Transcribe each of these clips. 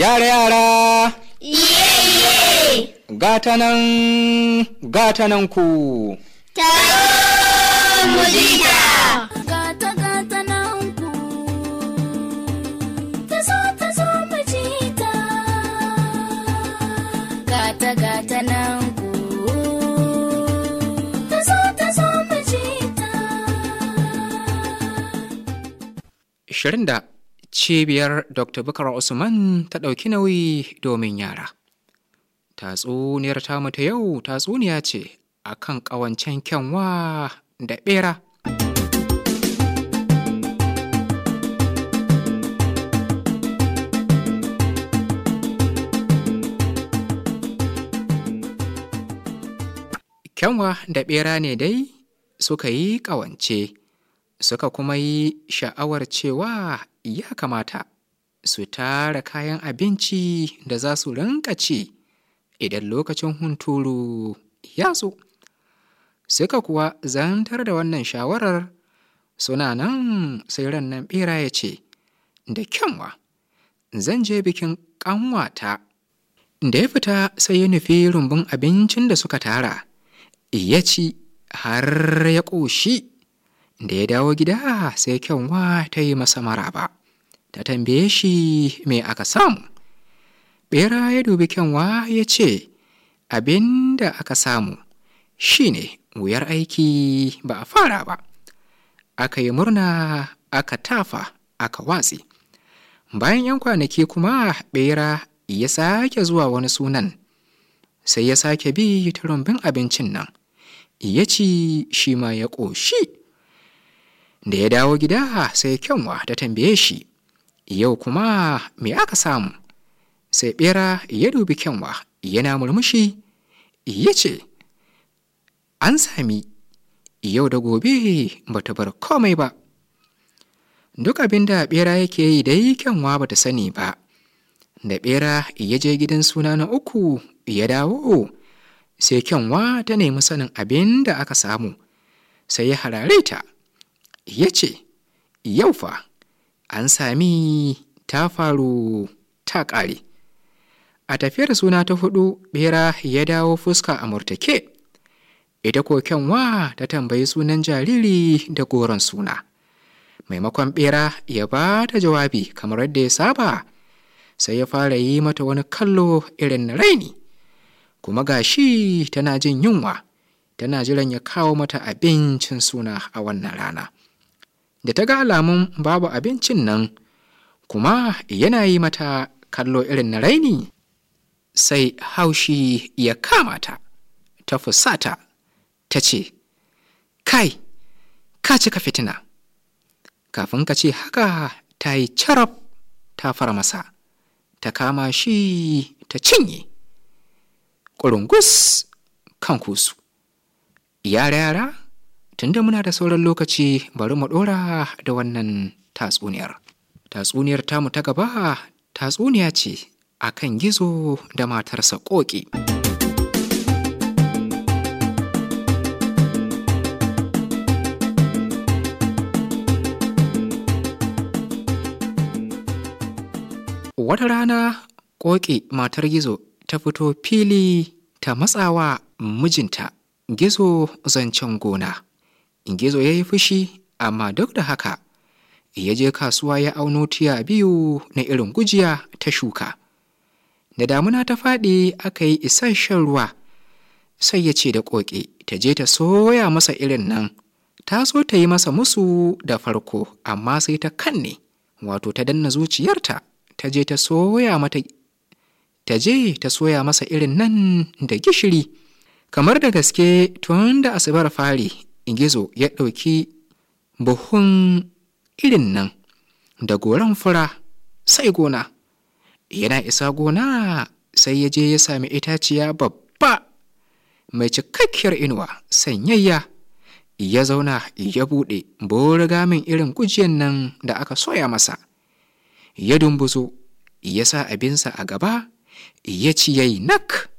Yara yara! Iye Gata nan, gata nan ku! Taro mujita! Gata gata nan ku! ta tazo mujita! Gata gata nan ku! Tazo mujita! Shirin da cibiyar dr bukar usman ta ɗauki nauyi domin yara tatsuniyar tamu ta yau tatsuniya ce a kan ƙawancen kyanwa da ɓera kyanwa da ɓera ne dai suka yi ƙawance suka kuma yi sha'awar cewa ya kamata su tara kayan abinci da za su rinka ci idan lokacin hunturu ya zo suka kuwa zantar da wannan shawarar suna nan sai rannan bera ya ce da kyanwa zan je bikin ƙanwata da ya fita sai ya nufi rumbun abincin da suka tara ya ci har ya ƙoshi da ya dawo gida sai kyanwa ta yi masa maraba ta tambaye shi mai aka samu bera ya dubi kyanwa ya ce abin da aka samu shine wuyar aiki ba a fara ba aka yi murna aka tafa aka watsi bayan 'yan kwanaki kuma bera ya sake zuwa wani sunan sai ya sake bi turumbin abincin nan ya ci shi ma ya ƙoshi da ya dawo gida sai kyanwa ta tambaye shi yau kuma me aka samu sai bera ya dubi kyanwa yana murmushi ya ce an sami yau da gobe ba ta bar komai ba duk abin da bera yake yi dai kyanwa ba ta sani ba da bera ya je gidan suna na uku ya dawo sai kyanwa ta nemi sanin abin da aka samu sai ya harare ta ya ce yau fa an sami ta faru ta ƙare a tafiyar suna ta hudu ɓera ya dawo fuska a murtake ita ko kyanwa ta tambayi sunan jariri da goron suna maimakon ɓera ya ba ta jawabi kamar yadda ya saba sai ya fara yi mata wani kallo irin na raini kuma gashi tana jin yunwa tana jiran ya kawo mata abincin suna a wannan rana da ta ga alamun babu abincin nan kuma yana yi mata kallo irin na raini sai haushi ya kama ta ta fusata ta ce kai ka cika fitina kafin ka ce haka ta yi carab ta fara masa ta kama shi ta cinye ƙurungus kan kusu yara-yara tunda muna da sauran lokaci bari mu ɗora da wannan tatsuniyar tatsuniyar tamu ta gaba tatsuniya ce a kan gizo da matarsa ƙoƙi wata rana ƙoƙi matar gizo ta fito fili ta matsawa mijinta gizo zancen gona Gizo ya yi fushi, amma duk da haka, ya je kasuwa ya auno tiya biyu na irin gujiya ta shuka. Da damuna ta faɗi aka yi isasshen ruwa, sai ya ce da ƙoƙe ta je ta soya masa irin nan. Ta so ta yi masa musu da farko, amma sai ta kanne, wato ta danna zuciyarta, ta je ta soya mata ta je ta soya masa irin nan da gishiri kamar da gaske tun da asibar fari Gizo ya ɗauki buhun irin nan da goron fura sai gona yana isa gona sai ya je ya sami itaciya babba mai cikakkiyar inuwa sanyayya ya zauna ya buɗe boriga min irin gujiyan nan da aka soya masa ya dumbuzo ya sa abinsa a gaba ya ci yayi nak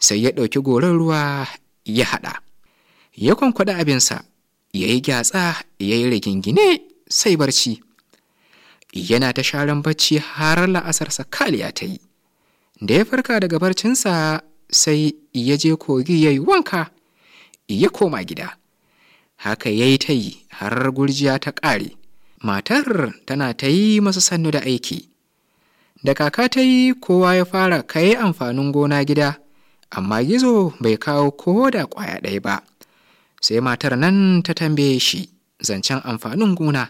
sai ya ɗauki goron ruwa ya haɗa ya kwankwaɗa abinsa ya yi gyatsa ya yi rigingine sai barci yana ta sharan barci, har la'asarsa kaliya ta yi da ya farka daga barcinsa sai ya je kogi ya yi wanka ya koma gida haka ya yi ta yi har gurjiya ta ƙare matar tana ta yi masu sannu da aiki da kaka ta yi kowa ya fara kai amfanin gona gida amma gizo bai kawo ko da ƙwaya ɗaya ba sai matar nan ta tambaye shi zancen amfanin gona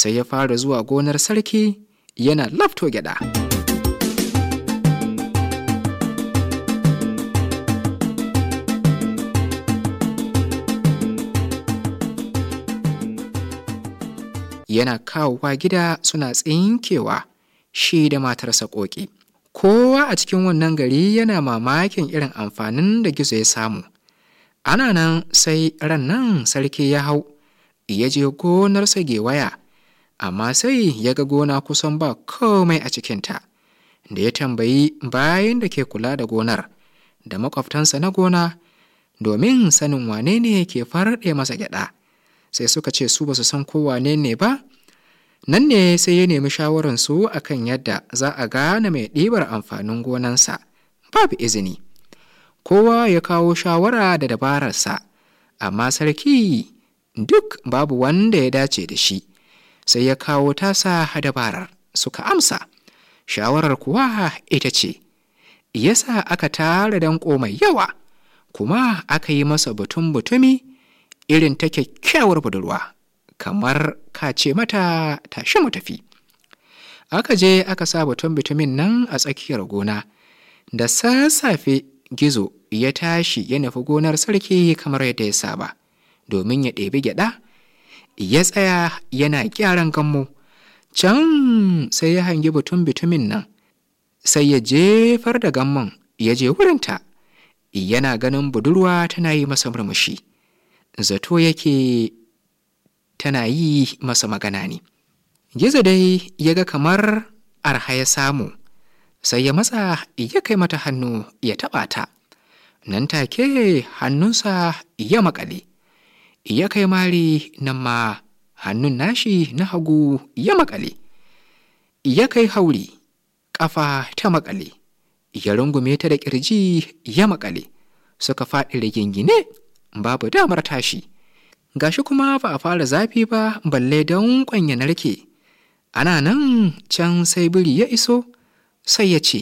sai ya fara zuwa gonar sarki yana lafto gyada yana kawowa gida suna tsinkewa shi da matarsa ƙoƙi kowa a cikin wannan gari yana mamakin irin amfanin da gizo ya samu ana nan sai ran nan sarki ya hau ya je gonarsa waya, amma sai ya ga gona kusan ba komai a cikinta da ya tambayi bayan da ke kula da gonar da makwabtansa na gona domin sanin wane ne ke farɗe masa gyada, sai suka ce su ba su san ko wanene ne ba nan ne sai ya nemi shawararsu a kan yadda za a gane mai ɗibar amfanin gonansa babu izini kowa ya kawo shawara da dabararsa amma sarki duk babu wanda ya dace da shi sai ya kawo tasa dabarar suka amsa shawarar kuwa ita ce yasa aka tara danko mai yawa kuma aka yi masa butun butumi irin ta kyakkyawar budurwa kamar ka ce mata tashi mu tafi aka je aka sa butun butumin nan a tsakiyar gona da sassafe gizo ya tashi ya nufi gonar sarki kamar yadda ya saba domin ya ɗebi gyaɗa ya tsaya yana gyaran gammo can sai ya hangi butun bitumin nan sai ya jefar da gamman ya je wurinta yana ganin budurwa tana yi masa murmushi zato yake tana yi masa magana ne gizo dai ya ga kamar arha ya samu sai ya matsa ya kai mata hannu ya taɓa ta nan take hannunsa ya makale ya kai mari nan ma hannun nashi na hagu ya makale ya kai hauri ƙafa ta makale ya rungume ta da ƙirji ya makale suka faɗi rigingine babu damar tashi gashi kuma ba a fara zafi ba balle don ƙwanya narke ana nan can sai biri ya iso sai ya ce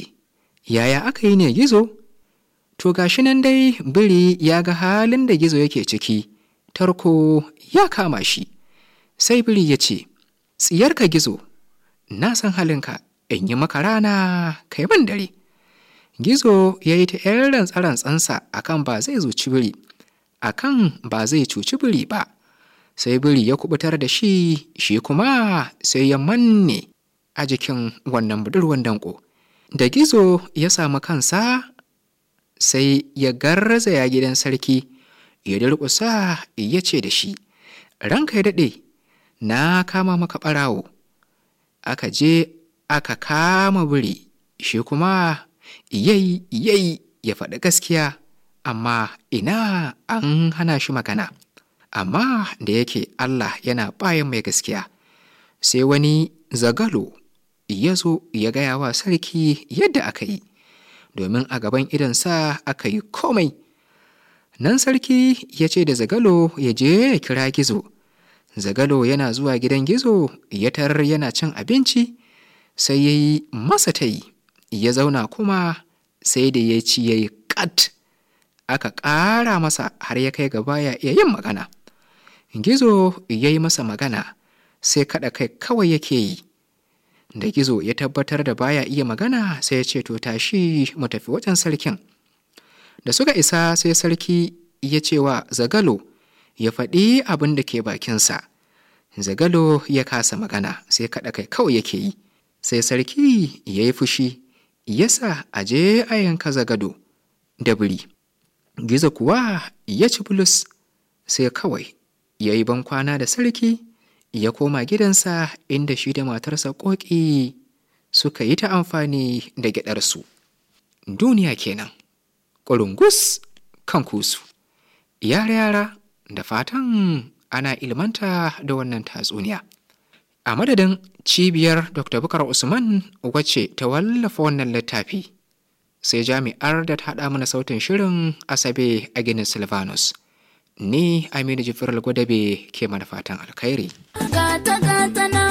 yaya aka yi ne gizo to gashi nan dai biri ya ga halin da gizo yake ciki tarko ya kama shi sai biri ya ce ka gizo na san halinka in yi maka rana kai ban dare gizo ya yi ta 'yan rantsarantsansa a kan ba zai zuci biri a kan ba zai cuci biri ba sai biri ya kubutar da shi shi kuma sai ya manne a jikin wannan budurwan danko da gizo ya samu kansa sai ya ya gidan sarki ya durƙusa ya ce da shi ranka ya daɗe na kama maka ɓarawo aka je aka kama biri shi kuma yayi yayi ya faɗi gaskiya amma ina an hana shi magana amma da yake Allah yana bayan mai gaskiya sai wani zagalo ya zo ya gaya wa sarki yadda aka yi domin a gaban idansa aka yi komai nan sarki ya ce da zagalo ya je ya kira gizo zagalo yana zuwa gidan gizo ya tarar yana cin abinci sai ya yi masa ta yi ya zauna kuma sai da ya ci ya yi kat aka ƙara masa har ya kai gaba ya iya yin magana gizo ya yi masa magana sai kaɗa kai kawai yake yi da gizo ya tabbatar da baya iya magana sai ya ce to tashi mu tafi wajen sarkin da suka isa sai sarki ya ce wa zagalo ya faɗi abin da ke bakinsa zagalo ya kasa magana sai kaɗa kai kawai yake yi sai sarki ya yi fushi ya sa a je a yanka zagado da biri gizo kuwa ya ci bulus sai kawai ya yi bankwana da sarki ya koma gidansa inda shi da matarsa ƙoƙi suka yi ta amfani da gyaɗarsu. Duniya kenan, ƙurungus kan kusu, yara-yara da fatan ana ilmanta da wannan tatsuniya. A madadin cibiyar Dr. Bukar Usman wacce ta wallafa wannan littafi, sai jami'ar da ta haɗa mana sautin shirin Asabe a ginin Silvanus. ni Aminu Jibril Gwadabe ke manufatan alkhairi. Gata gata na